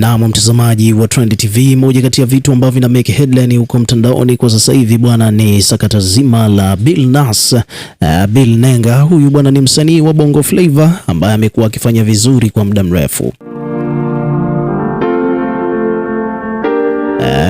Naam mtazamaji wa Trend TV, moja kati ya vitu ambavyo vina make headline huko mtandaoni kwa sasa hivi bwana ni sakata zima la Bill Nas. Uh, eh, Bill Nenga huyu bwana ni msanii wa Bongo Flava ambaye amekuwa akifanya vizuri kwa muda mrefu.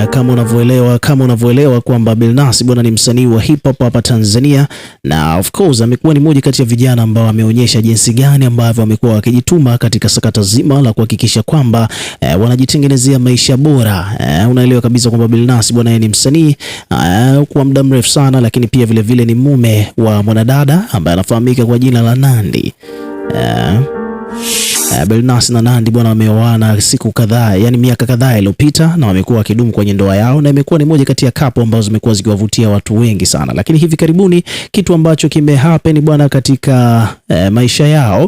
Uh, kama unavyoelewa kama unavyoelewa kwamba Billnass bwana ni msanii wa hip hop hapa Tanzania, na of course amekuwa ni mmoja kati ya vijana ambao ameonyesha jinsi gani ambavyo amekuwa wakijituma katika sakata zima la kuhakikisha kwamba uh, wanajitengenezea maisha bora. Uh, unaelewa kabisa kwamba Billnass bwana yeye ni msanii uh, kwa muda mrefu sana, lakini pia vile vile ni mume wa mwanadada ambaye anafahamika kwa jina la Nandy uh, Uh, Belnas na Nandi bwana wameoana siku kadhaa, yani miaka kadhaa iliyopita, na wamekuwa wakidumu kwenye ndoa yao, na imekuwa ni moja kati ya kapo ambazo zimekuwa zikiwavutia watu wengi sana. Lakini hivi karibuni kitu ambacho kimehappen bwana katika uh, maisha yao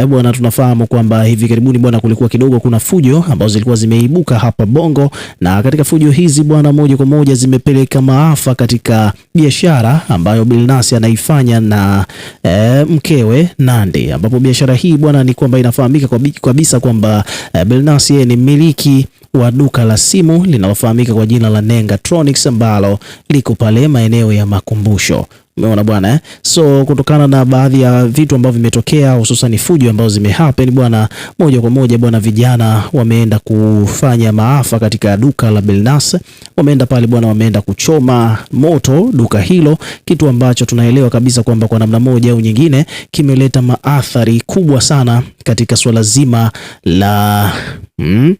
uh, bwana, tunafahamu kwamba hivi karibuni bwana kulikuwa kidogo kuna fujo ambazo zilikuwa zimeibuka hapa Bongo, na katika fujo hizi bwana, moja kwa moja zimepeleka maafa katika biashara ambayo Belnas anaifanya na uh, mkewe Nandi, ambapo biashara hii bwana ni kwamba inafaa inafahamika kabisa kwamba uh, eh, Billnass yeye ni mmiliki wa duka la simu linalofahamika kwa jina la Nengatronics ambalo liko pale maeneo ya makumbusho. Umeona bwana eh? So kutokana na baadhi ya vitu ambavyo vimetokea, hususan fujo ambazo zimehappen bwana, moja kwa moja bwana, vijana wameenda kufanya maafa katika duka la Belnas, wameenda pale bwana, wameenda kuchoma moto duka hilo, kitu ambacho tunaelewa kabisa kwamba kwa namna moja au nyingine kimeleta maathari kubwa sana katika suala zima la mm?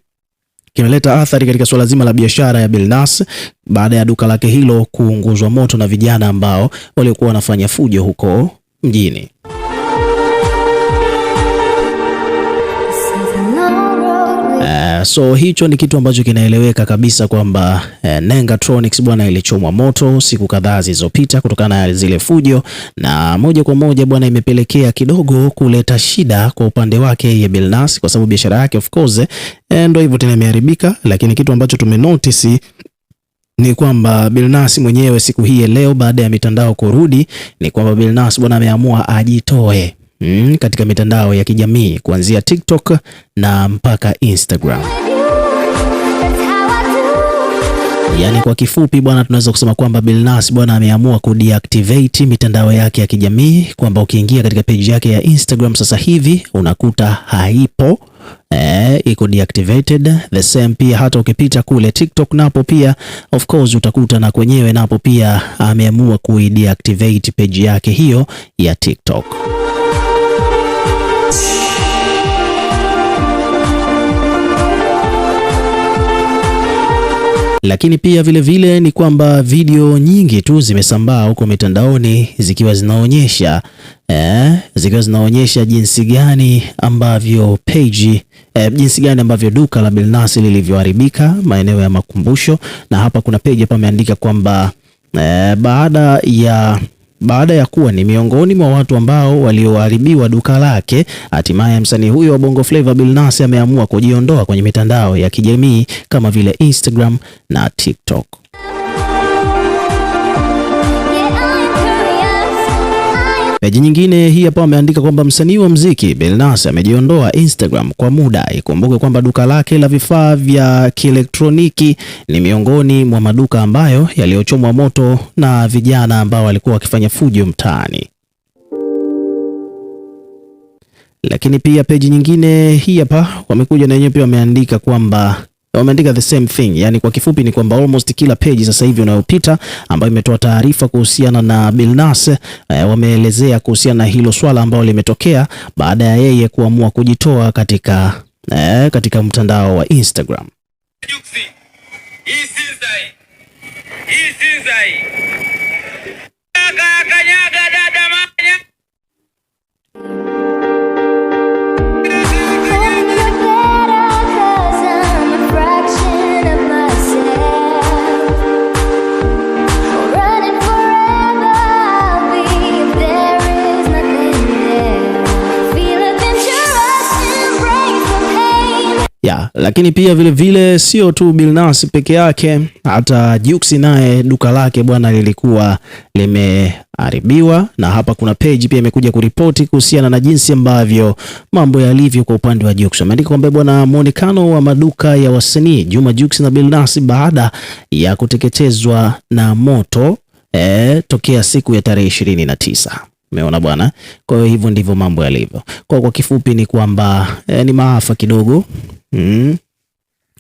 kimeleta athari katika suala zima la biashara ya Bilnas baada ya duka lake hilo kuunguzwa moto na vijana ambao waliokuwa wanafanya fujo huko mjini. so hicho ni kitu ambacho kinaeleweka kabisa kwamba uh, Nengatronics bwana ilichomwa moto siku kadhaa zilizopita kutokana na zile fujo, na moja kwa moja bwana imepelekea kidogo kuleta shida kwa upande wake yeye Billnass, kwa sababu biashara yake of course eh, ndio hivyo tena imeharibika, lakini kitu ambacho tumenotice ni kwamba Billnass mwenyewe siku hii leo, baada ya mitandao kurudi, ni kwamba Billnass bwana ameamua ajitoe mm, katika mitandao ya kijamii kuanzia TikTok na mpaka Instagram. Yaani kwa kifupi bwana, tunaweza kusema kwamba Billnass bwana ameamua deactivate mitandao yake ya kijamii, kwamba ukiingia katika page yake ya Instagram sasa hivi unakuta haipo eh, iko deactivated. The same pia hata ukipita kule TikTok napo pia of course utakuta na kwenyewe napo pia ameamua deactivate page yake hiyo ya TikTok. Lakini pia vile vile ni kwamba video nyingi tu zimesambaa huko mitandaoni zikiwa zinaonyesha eh, zikiwa zinaonyesha jinsi gani ambavyo page eh, jinsi gani ambavyo duka la Bilnasi lilivyoharibika maeneo ya makumbusho, na hapa kuna page hapa ameandika kwamba eh, baada ya baada ya kuwa ni miongoni mwa watu ambao walioharibiwa duka lake. Hatimaye msanii huyo wa Bongo Flava Billnass ameamua kujiondoa kwenye mitandao ya kijamii kama vile Instagram na TikTok. Peji nyingine hii hapa ameandika kwamba msanii wa mziki Billnass amejiondoa Instagram kwa muda. Ikumbuke kwamba duka lake la vifaa vya kielektroniki ni miongoni mwa maduka ambayo yaliyochomwa moto na vijana ambao walikuwa wakifanya fujo mtaani. Lakini pia peji nyingine hii hapa wamekuja na wenyewe pia wameandika kwamba wameandika the same thing. Yani kwa kifupi ni kwamba almost kila page sasa hivi unayopita ambayo imetoa taarifa kuhusiana na Bilnas eh, wameelezea kuhusiana na hilo swala ambalo limetokea baada ya yeye kuamua kujitoa katika, eh, katika mtandao wa Instagram. ya, lakini pia vile vile sio tu Billnass peke yake, hata Jux naye duka lake bwana lilikuwa limeharibiwa, na hapa kuna page pia imekuja kuripoti kuhusiana na jinsi ambavyo mambo yalivyo kwa upande wa Jux. Ameandika kwamba bwana, muonekano wa maduka ya wasanii Juma Jux na Billnass baada ya kuteketezwa na moto eh, tokea siku ya tarehe ishirini na tisa. Umeona bwana, kwa hiyo hivyo ndivyo mambo yalivyo. Kwa kwa kifupi ni kwamba eh, ni maafa kidogo mm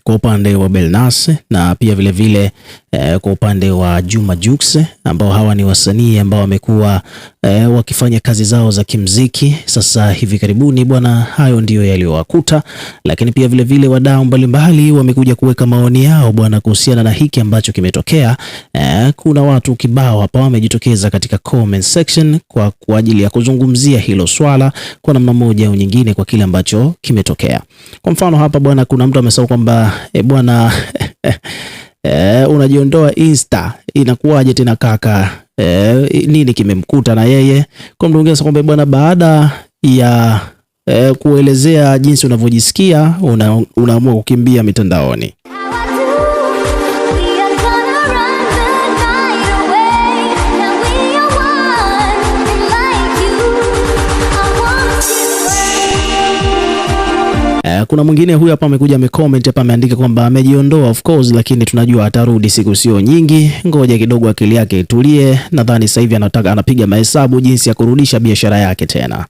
kwa upande wa Belnas na pia vile vile, e, kwa upande wa Juma Jux ambao hawa ni wasanii ambao wamekuwa e, wakifanya kazi zao za kimziki sasa hivi karibuni bwana. Hayo ndiyo yaliyowakuta, lakini pia vile vile wadau mbalimbali wamekuja kuweka maoni yao bwana kuhusiana na hiki ambacho kimetokea. E, kuna watu kibao hapa wamejitokeza katika comment section kwa, kwa ajili ya kuzungumzia hilo swala kwa namna moja au nyingine kwa kile ambacho kimetokea. Kwa mfano hapa bwana, kuna mtu amesema kwamba e bwana e, unajiondoa Insta inakuwaje tena kaka? E, nini kimemkuta na yeye? Kwa mtu sasa kwamba bwana, baada ya e, kuelezea jinsi unavyojisikia unaamua una kukimbia mitandaoni. Uh, kuna mwingine huyu hapa amekuja amecomment hapa ameandika kwamba amejiondoa of course, lakini tunajua atarudi siku sio nyingi, ngoja kidogo akili yake itulie. Nadhani sasa hivi anataka anapiga mahesabu jinsi ya kurudisha biashara yake tena.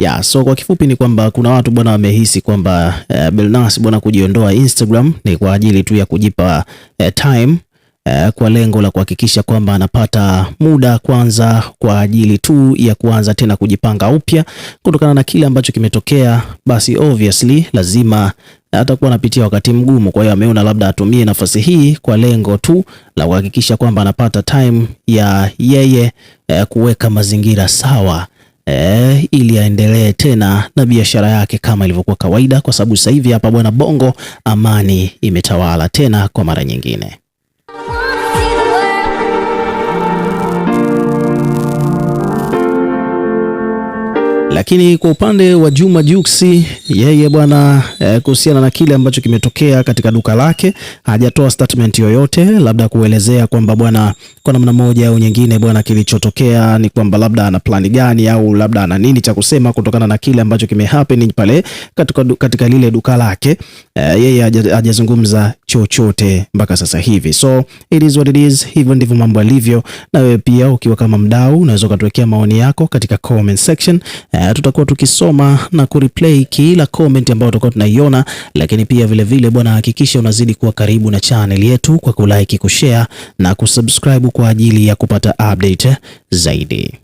Ya, so kwa kifupi ni kwamba kuna watu bwana wamehisi kwamba uh, eh, Billnass bwana kujiondoa Instagram ni kwa ajili tu ya kujipa uh, time Eh, kwa lengo la kuhakikisha kwamba anapata muda kwanza kwa ajili tu ya kuanza tena kujipanga upya kutokana na kile ambacho kimetokea. Basi obviously lazima atakuwa anapitia wakati mgumu, kwa hiyo ameona labda atumie nafasi hii kwa lengo tu la kuhakikisha kwamba anapata time ya yeye eh, kuweka mazingira sawa. E, ili aendelee tena na biashara yake kama ilivyokuwa kawaida, kwa sababu sasa hivi hapa bwana Bongo amani imetawala tena kwa mara nyingine. Lakini kwa upande wa Juma Juksi, yeye bwana eh, kuhusiana na kile ambacho kimetokea katika duka lake hajatoa statement yoyote, labda kuelezea kwamba bwana, kwa namna moja au nyingine bwana, kilichotokea ni kwamba labda ana plani gani au labda ana nini cha kusema kutokana na kile ambacho kimehappen pale katika, katika lile duka lake uh, yeye hajazungumza chochote mpaka sasa hivi, so it is what it is. Hivyo ndivyo mambo alivyo, na wewe pia ukiwa kama mdau unaweza ukatuwekea maoni yako katika comment section. Uh, tutakuwa tukisoma na kureplay kila comment ambayo tutakuwa tunaiona, lakini pia vile vile bwana, hakikisha unazidi kuwa karibu na channel yetu kwa kulike, kushare na kusubscribe kwa ajili ya kupata update zaidi.